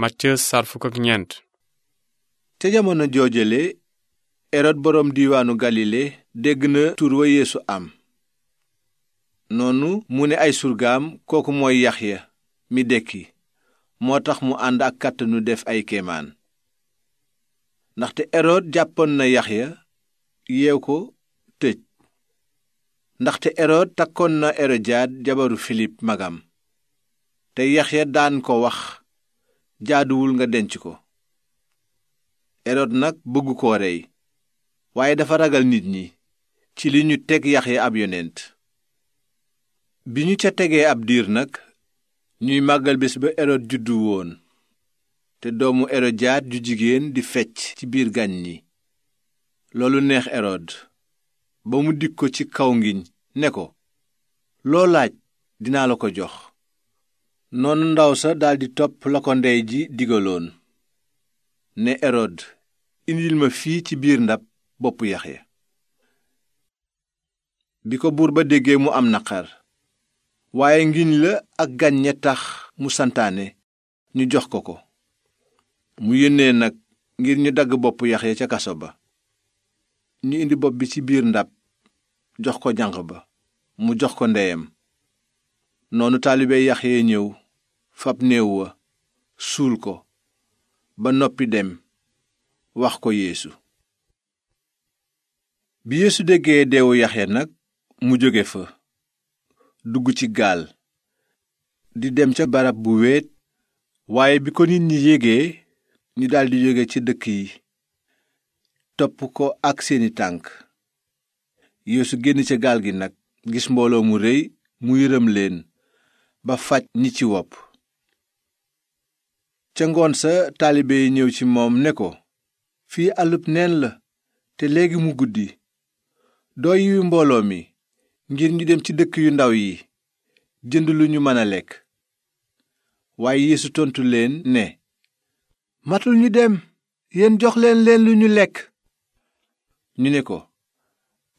Matthieu saar ñeent ca jamono joojale erod boroom diiwaanu galile dégg na tur wa yeesu am noonu mu ne ay surgaam kooku mooy yaxya mi dekki moo tax mu ànd ak kàttanu def ay kéemaan ndaxte erod jàppoon na ya yeew ko tëj ndaxte erod takkoon na erodiyaad jabaru filip magam te ya daan ko wax jaaduwul nga denc ko erod nag bëggu ko rey waaye dafa ragal nit ñi ci li ñu teg Yaxya ab yonent bi ñu ca tegee ab diir nag ñuy màggal bés ba erod juddu woon te doomu erodiyaat ju jigéen di fecc ci biir gàñ yi loolu neex erod ba mu dig ko ci kaw ngiñ ne ko loo laaj dinaa la ko jox noonu ndaw sa daldi topp la ko ndey ji digaloon ne erod indil ma fii ci biir ndab boppu yaxya bi ko buur ba déggee mu am naqar waaye ngiñ la ak gàññe tax mu santaane ñu jox ko ko mu yónnee nag ngir ñu dagg bopp yaxya ca kaso ba ñu indi bopp bi ci biir ndab jox ko janq ba mu jox ko ndeyam noonu taalibe yee ñëw fab néew wa suul ko ba noppi dem wax ko yeesu bi yeesu déggee deewu yaxya nag mu jóge fa dugg ci gaal di dem ca barab bu weet waaye bi ko nit ñi yégee ñu daldi jóge ci dëkk yi topp ko ak seeni tànk yeesu génn ca gaal gi nag gis mbooloo mu rëy mu yërëm leen ba faj ni ci wopp ca ngoon sa taalibe yi ñëw ci moom ne ko fii àllub neen la te léegi mu guddi doo yiwi mbooloo mi ngir ñu dem ci dëkk yu ndaw yi jënd lu ñu mën a lekk waaye yeesu tontu leen ne matul ñu dem yéen jox leen leen lu ñu lekk ñu ne ko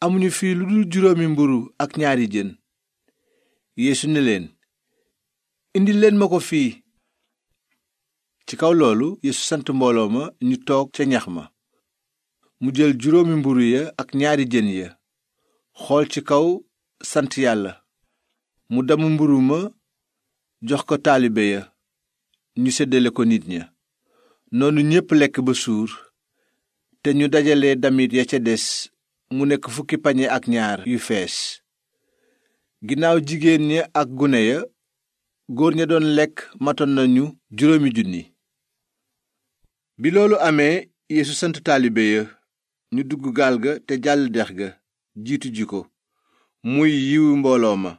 amuñu fii lu dul juróomi mburu ak ñaari jën yeesu ne leen indi leen ma ko fii ci kaw loolu yeesu sant mbooloo ma ñu toog ca ñax ma mu jël juróomi mburu ya ak ñaari jën ya xool ci kaw sant yàlla mu damm mburu ma jox ko taalibe ya ñu seddale ko nit ña noonu ñépp lekk ba suur te ñu dajale damit ya ca des mu nekk fukki pañe ak ñaar yu fees ginnaaw jigéen ña ak gune ya góor ña doon lekk matoon nañu juróomi junni bi loolu amee yeesu sant taalibe ya ñu dugg gaal ga te jàll dex ga jiitu ji ko muy yiwu mbooloo ma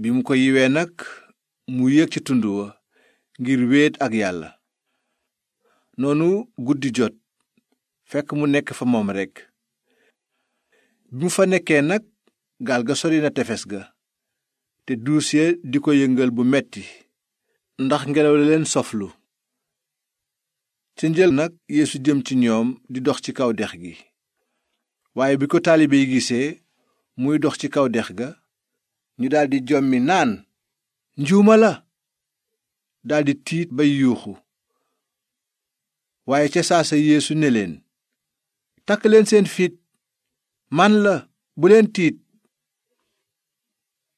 bi mu ko yiwee nag mu yéeg ci tund wa ngir wéet ak yàlla noonu guddi jot fekk mu nekk fa moom rekk bi mu fa nekkee nag gaal ga sori na tefes ga te duus ya di ko yëngal bu metti ndax ngelaw la leen soflu ci njël nag yeesu jëm ci ñoom di dox ci kaw dex gi waaye bi ko taalibe yi gisee muy dox ci kaw dex ga ñu daldi jommi naan njuuma la daldi tiit bay yuuxu waaye ca saasa yéesu ne leen takk leen seen fit man la bu leen tiit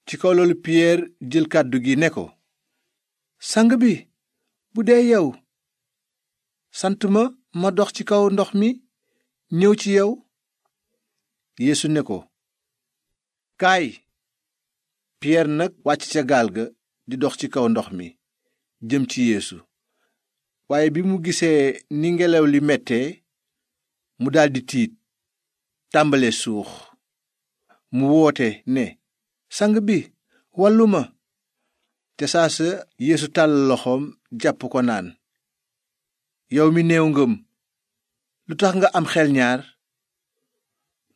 ci kaw loolu piyeer jël kàddu gi ne ko sang bi bu dee yow sant ma ma dox ci kaw ndox mi ñëw ci yow yeesu ne ko kaay piyeer nag wàcc ca gaal ga di dox ci kaw ndox mi jëm ci yeesu waaye bi mu gisee ni ngelaw li mettee mu daldi tiit tàmbale suux mu woote ne sang bi wallu ma te saa sa yeesu tàll loxoom jàpp ko naan yow mi néew ngëm lu tax nga am xel ñaar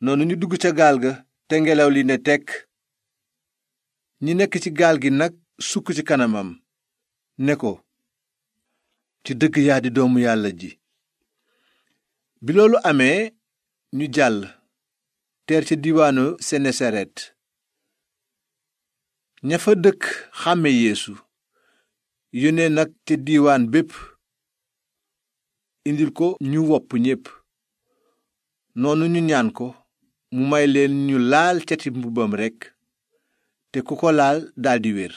noonu ñu dugg ca gaal ga te ngelaw li ne tekk ñi nekk ci gaal gi nag sukk ci kanamam ne ko ci dëgg yaa di doomu yàlla ji bi loolu amee ñu jàll teer ca diiwaanu senesaret ña fa dëkk xàmme yéesu yónnee nag ca diiwaan bépp indil ko ñu wopp ñépp noonu ñu ñaan ko mu may leen ñu laal cati mbubbam rekk te ku ko laal daldi wér